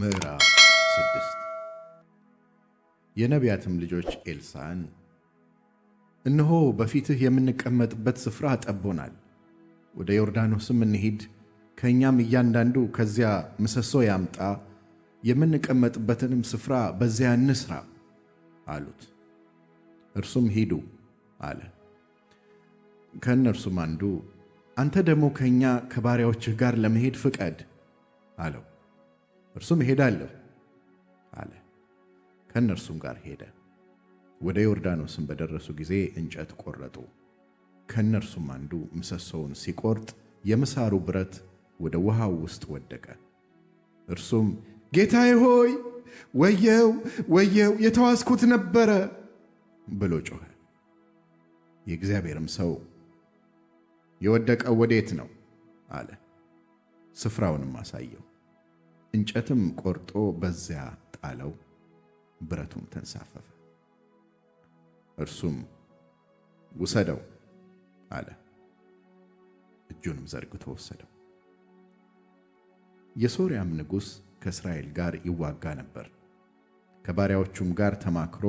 ምዕራፍ ስድስት የነቢያትም ልጆች ኤልሳዕን እነሆ በፊትህ የምንቀመጥበት ስፍራ ጠቦናል፤ ወደ ዮርዳኖስም እንሂድ፣ ከእኛም እያንዳንዱ ከዚያ ምሰሶ ያምጣ፣ የምንቀመጥበትንም ስፍራ በዚያ እንስራ አሉት። እርሱም ሂዱ አለ። ከእነርሱም አንዱ አንተ ደግሞ ከእኛ ከባሪያዎችህ ጋር ለመሄድ ፍቀድ አለው። እርሱም እሄዳለሁ አለ። ከእነርሱም ጋር ሄደ። ወደ ዮርዳኖስም በደረሱ ጊዜ እንጨት ቆረጡ። ከእነርሱም አንዱ ምሰሶውን ሲቆርጥ የምሳሩ ብረት ወደ ውሃው ውስጥ ወደቀ። እርሱም ጌታዬ ሆይ ወየው ወየው የተዋስኩት ነበረ ብሎ ጮኸ። የእግዚአብሔርም ሰው የወደቀው ወዴት ነው አለ። ስፍራውንም አሳየው። እንጨትም ቆርጦ በዚያ ጣለው፣ ብረቱም ተንሳፈፈ። እርሱም ውሰደው አለ። እጁንም ዘርግቶ ወሰደው። የሶርያም ንጉሥ ከእስራኤል ጋር ይዋጋ ነበር። ከባሪያዎቹም ጋር ተማክሮ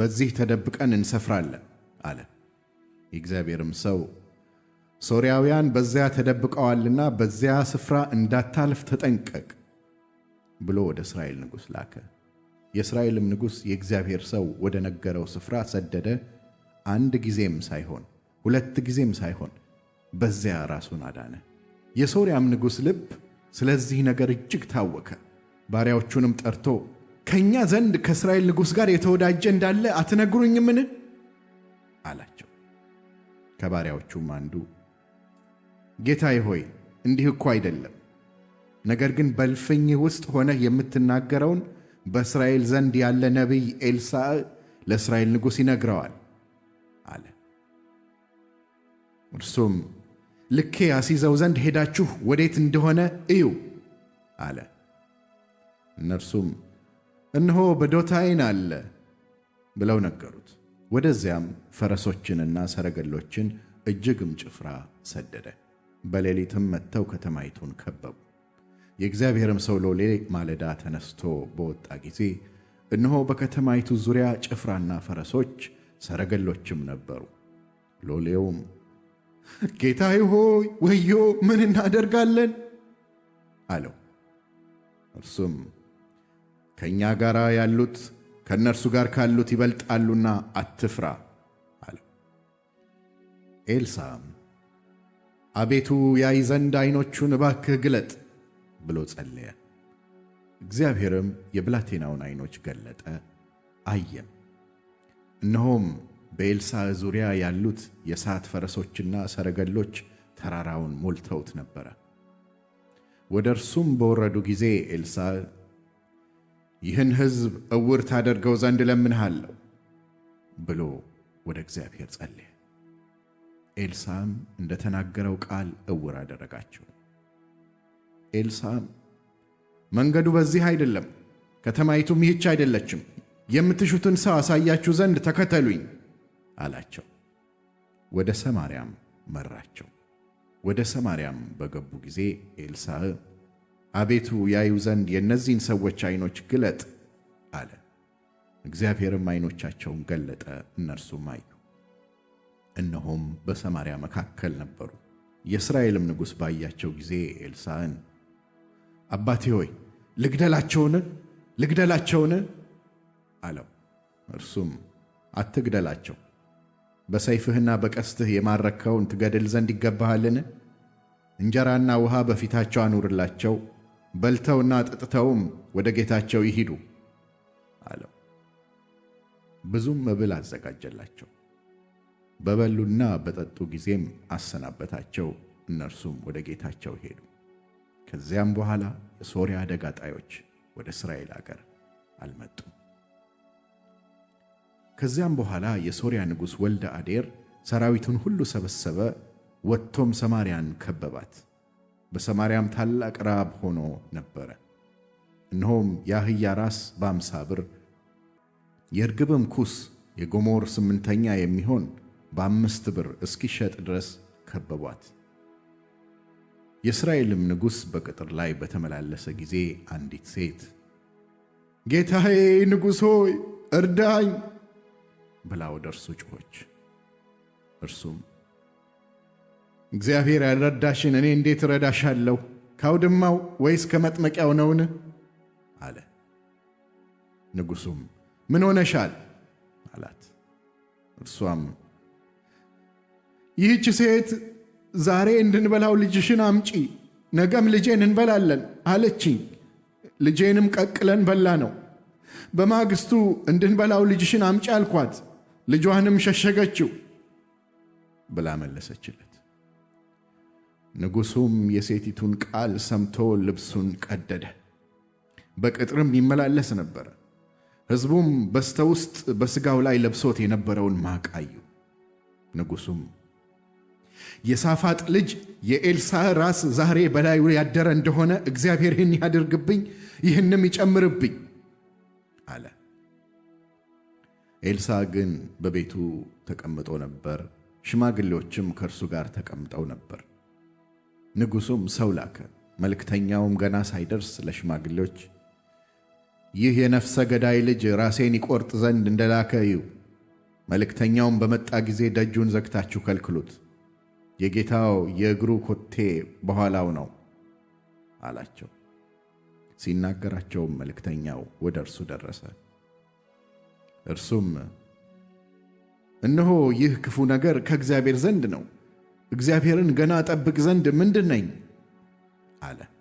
በዚህ ተደብቀን እንሰፍራለን አለ። የእግዚአብሔርም ሰው ሶርያውያን በዚያ ተደብቀዋልና በዚያ ስፍራ እንዳታልፍ ተጠንቀቅ ብሎ ወደ እስራኤል ንጉሥ ላከ። የእስራኤልም ንጉሥ የእግዚአብሔር ሰው ወደ ነገረው ስፍራ ሰደደ። አንድ ጊዜም ሳይሆን ሁለት ጊዜም ሳይሆን በዚያ ራሱን አዳነ። የሶርያም ንጉሥ ልብ ስለዚህ ነገር እጅግ ታወከ። ባሪያዎቹንም ጠርቶ ከእኛ ዘንድ ከእስራኤል ንጉሥ ጋር የተወዳጀ እንዳለ አትነግሩኝምን? አላቸው። ከባሪያዎቹም አንዱ ጌታዬ ሆይ እንዲህ እኮ አይደለም ነገር ግን በልፍኝህ ውስጥ ሆነህ የምትናገረውን በእስራኤል ዘንድ ያለ ነቢይ ኤልሳዕ ለእስራኤል ንጉሥ ይነግረዋል አለ። እርሱም ልኬ አስይዘው ዘንድ ሄዳችሁ ወዴት እንደሆነ እዩ አለ። እነርሱም እነሆ በዶታይን አለ ብለው ነገሩት። ወደዚያም ፈረሶችንና ሰረገሎችን እጅግም ጭፍራ ሰደደ። በሌሊትም መጥተው ከተማይቱን ከበቡ። የእግዚአብሔርም ሰው ሎሌ ማለዳ ተነስቶ በወጣ ጊዜ እነሆ በከተማይቱ ዙሪያ ጭፍራና ፈረሶች ሰረገሎችም ነበሩ። ሎሌውም ጌታዬ ሆይ ወዮ፣ ምን እናደርጋለን አለው። እርሱም ከእኛ ጋር ያሉት ከእነርሱ ጋር ካሉት ይበልጣሉና አትፍራ አለው። ኤልሳም አቤቱ ያይ ዘንድ ዓይኖቹን እባክህ ግለጥ ብሎ ጸለየ። እግዚአብሔርም የብላቴናውን አይኖች ገለጠ፣ አየም። እነሆም በኤልሳዕ ዙሪያ ያሉት የሰዓት ፈረሶችና ሰረገሎች ተራራውን ሞልተውት ነበረ። ወደ እርሱም በወረዱ ጊዜ ኤልሳዕ ይህን ሕዝብ ዕውር ታደርገው ዘንድ እለምንሃለሁ ብሎ ወደ እግዚአብሔር ጸለየ። ኤልሳዕም እንደ ተናገረው ቃል ዕውር አደረጋቸው። ኤልሳዕም መንገዱ በዚህ አይደለም፣ ከተማይቱም ይህች አይደለችም። የምትሹትን ሰው አሳያችሁ ዘንድ ተከተሉኝ አላቸው። ወደ ሰማርያም መራቸው። ወደ ሰማርያም በገቡ ጊዜ ኤልሳዕ አቤቱ ያዩ ዘንድ የእነዚህን ሰዎች አይኖች ግለጥ አለ። እግዚአብሔርም አይኖቻቸውን ገለጠ፣ እነርሱም አዩ። እነሆም በሰማርያ መካከል ነበሩ። የእስራኤልም ንጉሥ ባያቸው ጊዜ ኤልሳዕን አባቴ ሆይ ልግደላቸውን ልግደላቸውን አለው። እርሱም አትግደላቸው፣ በሰይፍህና በቀስትህ የማረከውን ትገድል ዘንድ ይገባሃልን? እንጀራና ውሃ በፊታቸው አኑርላቸው፣ በልተውና ጥጥተውም ወደ ጌታቸው ይሂዱ አለው። ብዙም መብል አዘጋጀላቸው። በበሉና በጠጡ ጊዜም አሰናበታቸው፣ እነርሱም ወደ ጌታቸው ሄዱ። ከዚያም በኋላ የሶሪያ አደጋ ጣዮች ወደ እስራኤል አገር አልመጡም። ከዚያም በኋላ የሶሪያ ንጉሥ ወልደ አዴር ሰራዊቱን ሁሉ ሰበሰበ፣ ወጥቶም ሰማርያን ከበባት። በሰማርያም ታላቅ ራብ ሆኖ ነበረ። እነሆም የአህያ ራስ በአምሳ ብር የርግብም ኩስ የጎሞር ስምንተኛ የሚሆን በአምስት ብር እስኪሸጥ ድረስ ከበቧት። የእስራኤልም ንጉሥ በቅጥር ላይ በተመላለሰ ጊዜ አንዲት ሴት ጌታዬ ንጉሥ ሆይ እርዳኝ ብላ ወደ እርሱ ጮኸች። እርሱም እግዚአብሔር ያልረዳሽን እኔ እንዴት እረዳሻለሁ? ከአውድማው ወይስ ከመጥመቂያው ነውን? አለ። ንጉሡም ምን ሆነሻል? አላት። እርሷም ይህች ሴት ዛሬ እንድንበላው ልጅሽን አምጪ፣ ነገም ልጄን እንበላለን አለችኝ። ልጄንም ቀቅለን በላ ነው። በማግስቱ እንድንበላው ልጅሽን አምጪ አልኳት፣ ልጇንም ሸሸገችው ብላ መለሰችለት። ንጉሡም የሴቲቱን ቃል ሰምቶ ልብሱን ቀደደ፣ በቅጥርም ይመላለስ ነበረ። ሕዝቡም በስተ ውስጥ በሥጋው ላይ ለብሶት የነበረውን ማቅ አዩ። ንጉሡም የሳፋጥ ልጅ የኤልሳ ራስ ዛሬ በላዩ ያደረ እንደሆነ እግዚአብሔር ይህን ያደርግብኝ ይህንም ይጨምርብኝ አለ። ኤልሳ ግን በቤቱ ተቀምጦ ነበር፣ ሽማግሌዎችም ከእርሱ ጋር ተቀምጠው ነበር። ንጉሡም ሰው ላከ። መልእክተኛውም ገና ሳይደርስ ለሽማግሌዎች ይህ የነፍሰ ገዳይ ልጅ ራሴን ይቆርጥ ዘንድ እንደላከ እዩ፣ መልእክተኛውም በመጣ ጊዜ ደጁን ዘግታችሁ ከልክሉት የጌታው የእግሩ ኮቴ በኋላው ነው አላቸው። ሲናገራቸውም መልእክተኛው ወደ እርሱ ደረሰ። እርሱም እነሆ ይህ ክፉ ነገር ከእግዚአብሔር ዘንድ ነው፤ እግዚአብሔርን ገና ጠብቅ ዘንድ ምንድን ነኝ? አለ።